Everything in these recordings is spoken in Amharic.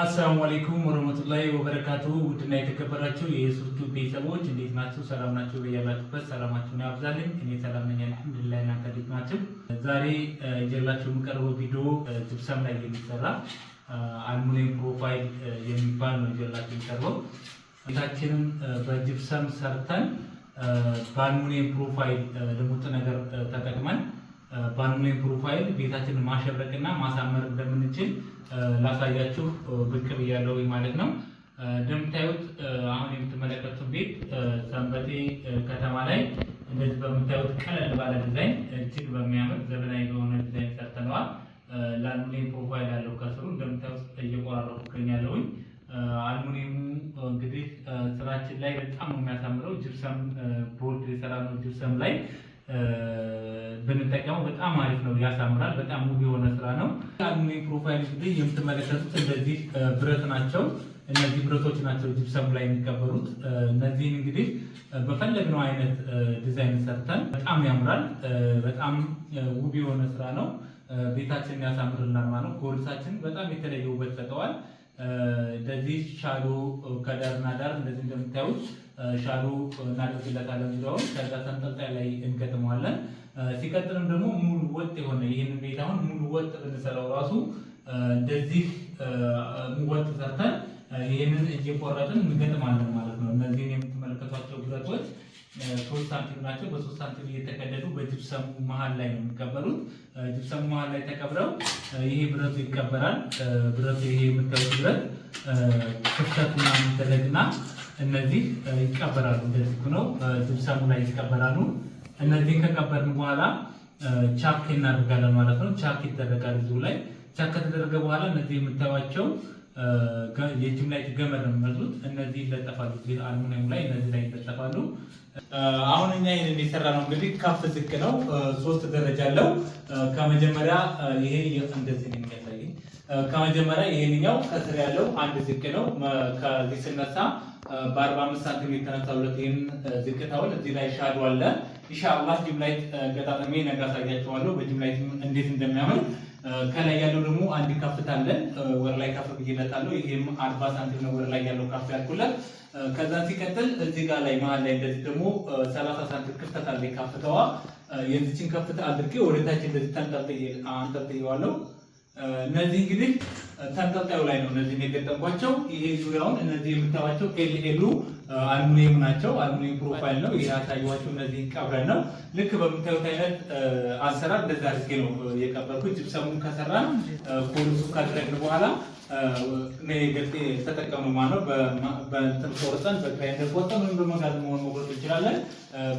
አሰላሙ አለይኩም ወረህመቱላሂ ወበረካቱ። ውድና የተከበራችሁ የሱርቱ ቤተሰቦች እንዴት ናችሁ? ሰላም ናችሁ? በያላችሁበት ሰላማችሁን ያብዛልኝ። እኔ ሰላም ነኝ አልሐምዱሊላህ። እናንተ እንዴት ናችሁ? ዛሬ ይዤላችሁ የምቀርበው ቪዲዮ ጅብሰም ላይ የሚሰራ አልሙኒየም ፕሮፋይል የሚባል ነው። ይዤላችሁ የሚቀርበው ቤታችንን በጅብሰም ሰርተን በአልሙኒየም ፕሮፋይል ልሙጥ ነገር ተጠቅመን በአንዱላይን ፕሮፋይል ቤታችንን ማሸበቅ እና ማሳመር እንደምንችል ላሳያችሁ ብቅ ብያለሁ ማለት ነው። እንደምታዩት አሁን የምትመለከቱት ቤት ሰንበቴ ከተማ ላይ እንደዚህ በምታዩት ቀለል ባለ ዲዛይን እጅግ በሚያምር ዘመናዊ በሆነ ዲዛይን ሰርተነዋል። ለአልሙኒየም ፕሮፋይል ያለው ከስሩ እንደምታዩት እየቆራረኩ እገኛለሁኝ። አልሙኒየሙ እንግዲህ ስራችን ላይ በጣም ነው የሚያሳምረው። ጅብሰም ቦርድ የሰራነው ጅብሰም ላይ ብንጠቀመው በጣም አሪፍ ነው፣ ያሳምራል። በጣም ውብ የሆነ ስራ ነው። አሉሚኒየም ፕሮፋይል እንግዲህ የምትመለከቱት እንደዚህ ብረት ናቸው። እነዚህ ብረቶች ናቸው ጅብሰም ላይ የሚቀበሩት። እነዚህን እንግዲህ በፈለግነው አይነት ዲዛይን ሰርተን በጣም ያምራል። በጣም ውብ የሆነ ስራ ነው። ቤታችንን ያሳምርልናል ማለት ነው። ጎልሳችን በጣም የተለየ ውበት ሰጠዋል። እንደዚህ ሻዶ ከዳርና ዳር እንደዚህ እንደምታዩት ሻሉ እናደርግለታለን። ዙሪያውን ከዛ ተንጠልጣይ ላይ እንገጥመዋለን። ሲቀጥልም ደግሞ ሙሉ ወጥ የሆነ ይህን ቤት አሁን ሙሉ ወጥ ብንሰራው ራሱ እንደዚህ ወጥ ሰርተን ይህንን እየቆረጥን እንገጥማለን ማለት ነው። እነዚህን የምትመለከቷቸው ብረቶች ሶስት ሳንቲም ናቸው። በሶስት ሳንቲም እየተቀደዱ በጅብሰሙ መሀል ላይ ነው የሚቀበሩት። ጅብሰሙ መሀል ላይ ተቀብረው ይሄ ብረቱ ይቀበራል። ብረቱ ይሄ የምታዩት ብረት ክፍተት ምናምን ይደረግና እነዚህ ይቀበራሉ። እንደዚህ ነው ጅብሰሙ ላይ ይቀበራሉ። እነዚህን ከቀበርን በኋላ ቻክ እናደርጋለን ማለት ነው። ቻክ ይደረጋል እዚሁ ላይ ቻክ ከተደረገ በኋላ እነዚህ የምታዩቸው የቲም ላይ ገመድ ነው የሚመጡት። እነዚህ ይለጠፋሉ፣ አልሙኒየሙ ላይ እነዚህ ላይ ይለጠፋሉ። አሁን እኛ ይህንን የሰራ ነው እንግዲህ ከፍ ዝቅ ነው፣ ሶስት ደረጃ አለው። ከመጀመሪያ ይሄ እንደዚህ ነው የሚያሳየኝ። ከመጀመሪያ ይህንኛው ከስር ያለው አንድ ዝቅ ነው። ከዚህ ስነሳ በአርባ አምስት ሳንቲም የተነሳ ሁለት ይህን ዝቅታውን እዚህ ላይ ሻዶ አለ። ኢንሻአላህ ጅምላይት ገጣጠሜ ነጋ አሳያቸዋለሁ በጅምላይት እንዴት እንደሚያምር ከላይ ያለው ደግሞ አንድ ከፍታ አለን። ወር ላይ ከፍ ብዬ እመጣለሁ። ይሄም አርባ ሳንቲም ነው ወር ላይ ያለው ከፍ ያልኩለት። ከዛ ሲቀጥል እዚህ ጋር ላይ መሀል ላይ እንደዚህ ደግሞ ሰላሳ ሳንቲም ክፍተት አለ። ከፍተዋ የዚችን ከፍታ አድርጌ ወደታች እንደዚህ ተንጠልጥየዋለሁ። እነዚህ እንግዲህ ተንጠልጣዩ ላይ ነው እነዚህ የገጠምኳቸው። ይሄ ዙሪያውን እነዚህ የምታዋቸው ኤል ኤሉ አልሙኒየም ናቸው። አልሙኒየም ፕሮፋይል ነው ያሳየኋቸው። እነዚህን ቀብረን ነው ልክ በምታዩት አይነት አሰራር እንደዛ አድርጌ ነው የቀበርኩት። ጅብሰሙን ከሰራ ነው ኮርሱ ካደረግን በኋላ ገጤ ተጠቀሙ ማለት ነው። በእንትን ቆርጠን በግራይንደር ቆርጠን ወይም በመጋዝ መሆን መቁረጥ እንችላለን።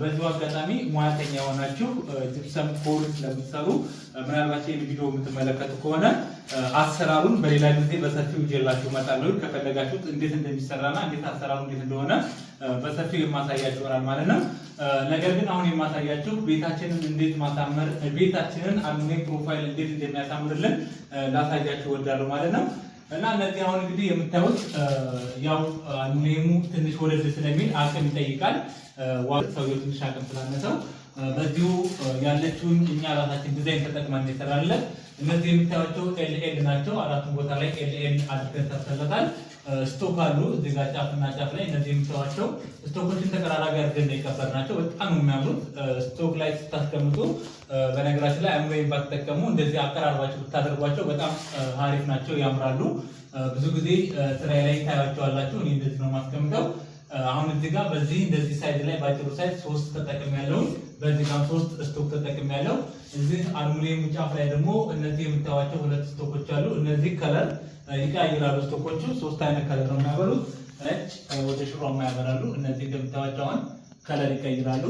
በዚሁ አጋጣሚ ሙያተኛ የሆናችሁ ጅብሰም ኮርስ ለምትሰሩ ምናልባት ይህን ቪዲዮ የምትመለከቱ ከሆነ አሰራሩን በሌላ ጊዜ በሰፊው ይዤላችሁ እመጣለሁ። ከፈለጋችሁት እንዴት እንደሚሰራና እንዴት አሰራሩ እንዴት እንደሆነ በሰፊው የማሳያችሁ ይሆናል ማለት ነው። ነገር ግን አሁን የማሳያችሁ ቤታችንን እንዴት ማሳመር ቤታችንን አልሙኒየም ፕሮፋይል እንዴት እንደሚያሳምርልን ላሳያችሁ እወዳለሁ ማለት ነው። እና እነዚህ አሁን እንግዲህ የምታዩት ያው አልሙኒየሙ ትንሽ ወለድ ስለሚል አቅም ይጠይቃል። ሰውየው ትንሽ አቅም ስላነሰው በዚሁ ያለችውን እኛ ራሳችን ዲዛይን ተጠቅመን እንሰራለን። እነዚህ የምታዩቸው ኤልኤል ናቸው። አራቱን ቦታ ላይ ኤልኤል አድርገን ሰርተለታል። ስቶክ አሉ እዚህ ጋር ጫፍና ጫፍ ላይ እነዚህ የምታዩቸው ስቶኮችን ተቀራራቢ አድርገን የቀበር ናቸው። በጣም የሚያምሩት ስቶክ ላይ ስታስቀምጡ፣ በነገራችን ላይ አእምሮ ባትጠቀሙ እንደዚህ አቀራርባቸው ብታደርጓቸው በጣም አሪፍ ናቸው፣ ያምራሉ። ብዙ ጊዜ ስራ ላይ ታያቸዋላችሁ። እኔ እንደዚህ ነው የማስቀምጠው። አሁን እዚህ ጋር በዚህ እንደዚህ ሳይድ ላይ ባጭሩ ሳይድ ሶስት ተጠቅም ያለውን በዚህ ጋር ሶስት ስቶክ ተጠቅም ያለው እዚህ አልሙኒየም ጫፍ ላይ ደግሞ እነዚህ የምታዋቸው ሁለት ስቶኮች አሉ። እነዚህ ከለር ይቀያይራሉ። ስቶኮቹ ሶስት አይነት ከለር ነው የሚያበሩት። ነጭ ወደ ሽሮማ ያበራሉ። እነዚህ እንደምታዋቸው ከለር ይቀይራሉ።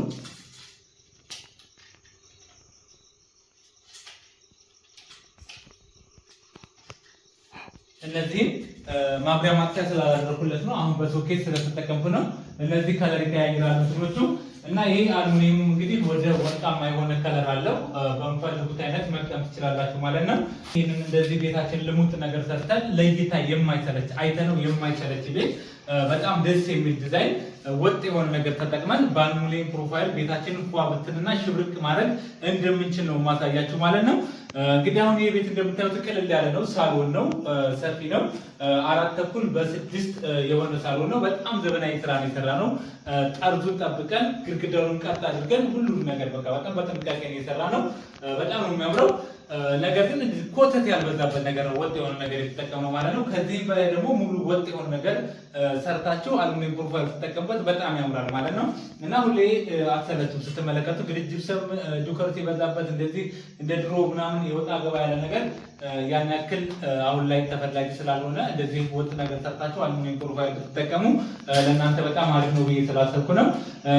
እነዚህም ማብሪያ ማጥፊያ ስላላደረኩለት ነው። አሁን በሶኬት ስለተጠቀምኩ ነው። እነዚህ ከለር ይቀያይራሉ ስሎቹ እና ይህ አልሙኒየም እንግዲህ ወደ ወርቃማ የሆነ ከለር አለው። በምፈልጉት አይነት መቅጠም ትችላላችሁ ማለት ነው። ይህንን እንደዚህ ቤታችን ልሙጥ ነገር ሰርተን ለእይታ የማይሰለች አይተነው የማይሰለች ቤት በጣም ደስ የሚል ዲዛይን ወጥ የሆነ ነገር ተጠቅመን በአኑሌን ፕሮፋይል ቤታችንን ፏ ብትንና ሽብርቅ ማድረግ እንደምንችል ነው ማሳያችሁ ማለት ነው። እንግዲህ አሁን ይህ ቤት እንደምታዩት ቅልል ያለ ነው። ሳሎን ነው፣ ሰፊ ነው። አራት ተኩል በስድስት የሆነ ሳሎን ነው። በጣም ዘመናዊ ስራ ነው የሰራ ነው። ጠርዙን ጠብቀን ግድግዳውን ቀጥ አድርገን ሁሉንም ነገር በቃ በጣም በጥንቃቄ ነው የሰራ ነው። በጣም ነው የሚያምረው። ነገር ግን ኮተት ያልበዛበት ነገር ነው፣ ወጥ የሆነ ነገር የተጠቀምነው ማለት ነው። ከዚህ በላይ ደግሞ ሙሉ ወጥ የሆነ ነገር ሰርታችሁ አሉሚኒየም ፕሮፋይል ስትጠቀምበት በጣም ያምራል ማለት ነው እና ሁሌ አትሰለችም ስትመለከቱ። እንግዲህ ጅብሰም ዱከርት የበዛበት እንደዚህ እንደ ድሮ ምናምን የወጣ ገባ ያለ ነገር ያን ያክል አሁን ላይ ተፈላጊ ስላልሆነ እንደዚህ ወጥ ነገር ሰርታችሁ አሉሚኒየም ፕሮፋይል ብትጠቀሙ ለእናንተ በጣም አሪፍ ነው ብዬ ስላሰብኩ ነው።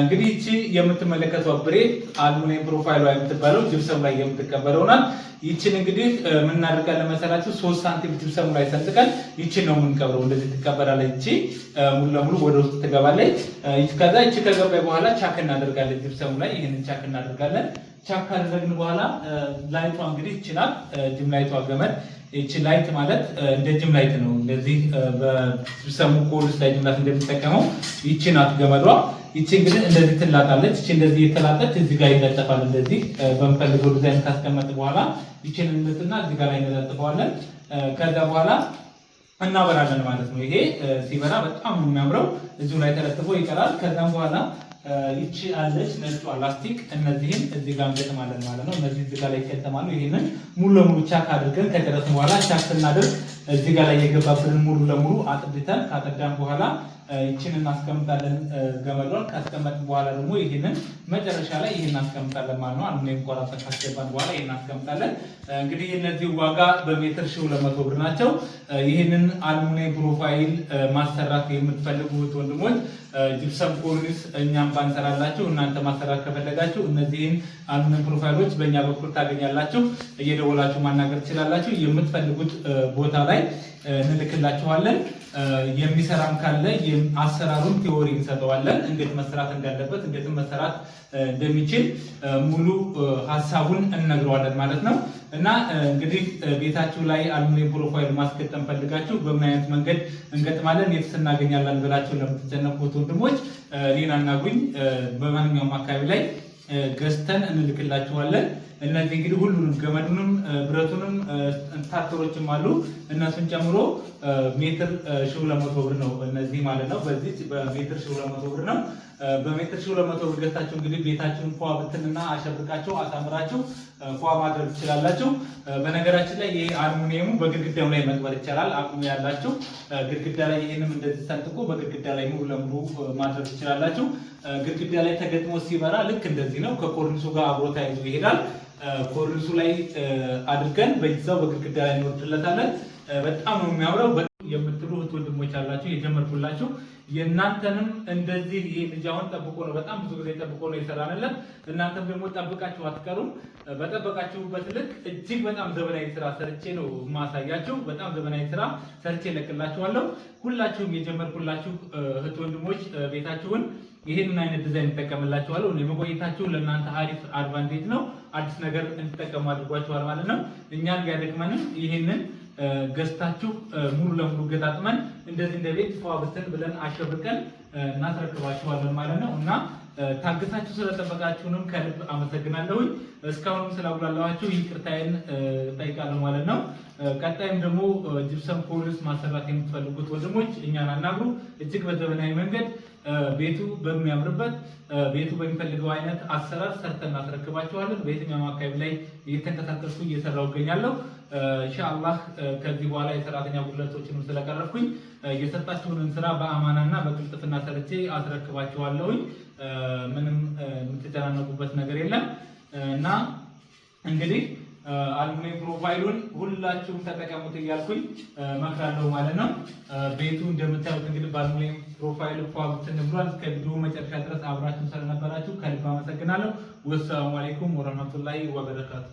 እንግዲህ እቺ የምትመለከተው ብሬት አልሙኒየም ፕሮፋይሏ የምትባለው ጅብሰም ላይ የምትቀበለው ናት። ይችን እንግዲህ የምናደርጋለን መሰላችሁ ሶስት ሳንቲም ጅብሰም ላይ ሰንጥቀን ይችን ነው የምንቀብረው። እንደዚህ ትቀበላለች። ይቺ ሙሉ ለሙሉ ወደ ውስጥ ትገባለች። ከዛ ይቺ ከገባይ በኋላ ቻክ እናደርጋለን። ጅብሰሙ ላይ ይህንን ቻክ እናደርጋለን። ቻክ ካደረግን በኋላ ላይቷ እንግዲህ ይችላል ጅም ላይቷ ገመድ ይቺ ላይት ማለት እንደ ጅም ላይት ነው። እንደዚህ በጅብሰሙ ኮልስ ላይ ጅም እንደሚጠቀመው ገመዷ ይቺ እንግዲህ እንደዚህ ትላጣለች። ይቺ እንደዚህ የተላጠች እዚህ ጋር ይለጠፋል። እንደዚህ በምፈልገው ዲዛይን ካስቀመጥ በኋላ ይቺን እንትና እዚህ ጋር እንለጥፈዋለን። ከዛ በኋላ እናበራለን ማለት ነው። ይሄ ሲበራ በጣም ነው የሚያምረው። እዚሁ ላይ ተለጥፎ ይቀራል። ከዛም በኋላ ይቺ አለች ነጭ ላስቲክ። እነዚህን እዚህ ጋር እንገጥማለን ማለት ነው። እነዚህ እዚህ ጋር ላይ ይገጠማሉ። ይህንን ሙሉ ለሙሉ ቻክ አድርገን ከጨረስን በኋላ ቻክ ስናደርግ እዚህ ጋር ላይ የገባብንን ሙሉ ለሙሉ አጥድተን ካጠዳን በኋላ ይችን እናስቀምጣለን ገመዷን። ካስቀመጥን በኋላ ደግሞ ይህንን መጨረሻ ላይ ይህን እናስቀምጣለን ማለት ነው። አሉሚኒየም ቆራርጠ ካስገባን በኋላ ይህን እናስቀምጣለን። እንግዲህ እነዚህ ዋጋ በሜትር ሺህ ሁለት መቶ ብር ናቸው። ይህንን አሉሚኒየም ፕሮፋይል ማሰራት የምትፈልጉት ወንድሞች ጅብሰም ኮርኒስ እኛም ባንሰራላችሁ እናንተ ማሰራት ከፈለጋችሁ እነዚህን አሉንም ፕሮፋይሎች በእኛ በኩል ታገኛላችሁ። እየደወላችሁ ማናገር ትችላላችሁ። የምትፈልጉት ቦታ ላይ እንልክላችኋለን። የሚሰራም ካለ አሰራሩን ቴዎሪ እንሰጠዋለን። እንዴት መሰራት እንዳለበት እንዴትም መሰራት እንደሚችል ሙሉ ሀሳቡን እንነግረዋለን ማለት ነው። እና እንግዲህ ቤታችሁ ላይ አሉሚኒየም ፕሮፋይል ማስገጠም ፈልጋችሁ በምን አይነት መንገድ እንገጥማለን የት እናገኛለን ብላችሁ ለምትጨነቁት ወንድሞች እኔን አናግሩኝ። በማንኛውም አካባቢ ላይ ገዝተን እንልክላችኋለን። እነዚህ እንግዲህ ሁሉንም ገመዱንም ብረቱንም ስታክተሮችም አሉ እነሱን ጨምሮ ሜትር ሺህ ለመቶ ብር ነው እነዚህ ማለት ነው። በዚህ በሜትር ሺህ ለመቶ ብር ነው። በሜትር ሺህ ብር ገዝታችሁ እንግዲህ ቤታችሁን ፏ ብትንና አሸብርቃችሁ አሳምራችሁ ፏ ማድረግ ትችላላችሁ። በነገራችን ላይ ይሄ አልሙኒየሙ በግድግዳው ላይ መቅበር ይቻላል። አቅሙ ያላችሁ ግድግዳ ላይ ይህንም እንደዚህ ሰንጥቆ በግድግዳ ላይ ሙሉ ለሙሉ ማድረግ ትችላላችሁ። ግድግዳ ላይ ተገጥሞ ሲበራ ልክ እንደዚህ ነው። ከኮርኒሱ ጋር አብሮ ተያይዞ ይሄዳል። ኮርሱ ላይ አድርገን በዛው በግድግዳ ላይ እንወርድለታለን። በጣም ነው የሚያምረው የምት ጓደኞች አላችሁ የጀመርኩላችሁ የእናንተንም እንደዚህ ይህ ልጅ ጠብቆ ነው፣ በጣም ብዙ ጊዜ ጠብቆ ነው የሰራንለት። እናንተም ደግሞ ጠብቃችሁ አትቀሩም። በጠበቃችሁበት ልክ እጅግ በጣም ዘመናዊ ስራ ሰርቼ ነው ማሳያችሁ። በጣም ዘመናዊ ስራ ሰርቼ ለቅላችኋለሁ። ሁላችሁም የጀመርኩላችሁ እህት ወንድሞች ቤታችሁን ይህንን አይነት ዲዛይን እንጠቀምላችኋለሁ። የመቆየታችሁ ለእናንተ አሪፍ አድቫንቴጅ ነው። አዲስ ነገር እንጠቀሙ አድርጓችኋል ማለት ነው። እኛን ቢያደክመንም ይህንን ገዝታችሁ ሙሉ ለሙሉ ገጣጥመን እንደዚህ እንደ ቤት ተዋብተን ብለን አሸብርቀን እናስረክባችኋለን ማለት ነው እና ታግሳችሁ ስለጠበቃችሁንም ከልብ አመሰግናለሁኝ። እስካሁንም ስላጉላላኋችሁ ይቅርታዬን ጠይቃለሁ ማለት ነው። ቀጣይም ደግሞ ጅብሰም ፖሊስ ማሰራት የምትፈልጉት ወንድሞች እኛን አናግሩ። እጅግ በዘመናዊ መንገድ ቤቱ በሚያምርበት ቤቱ በሚፈልገው አይነት አሰራር ሰርተን እናስረክባችኋለን። በየትኛውም አካባቢ ላይ እየተንቀሳቀሱ እየሰራው እገኛለሁ። ኢንሻአላህ ከዚህ በኋላ የሰራተኛ ጉድለቶችንም ስለቀረፍኩኝ የሰጣችሁንን ስራ በአማናና በቅልጥፍና ሰርቼ አስረክባችኋለሁኝ። ምንም የምትጨናነቁበት ነገር የለም እና እንግዲህ አልሚ ፕሮፋይሉን ሁላችሁም ተጠቀሙት እያልኩኝ መክራለሁ ማለት ነው። ቤቱ እንደምታዩት እንግዲህ በአልሚ ፕሮፋይል ፏብትን ብሏል። እስከ ቪዲዮ መጨረሻ ድረስ አብራችሁ ስለነበራችሁ ከልብ አመሰግናለሁ። ወሰላሙ አለይኩም ወረህመቱላሂ ወበረካቱ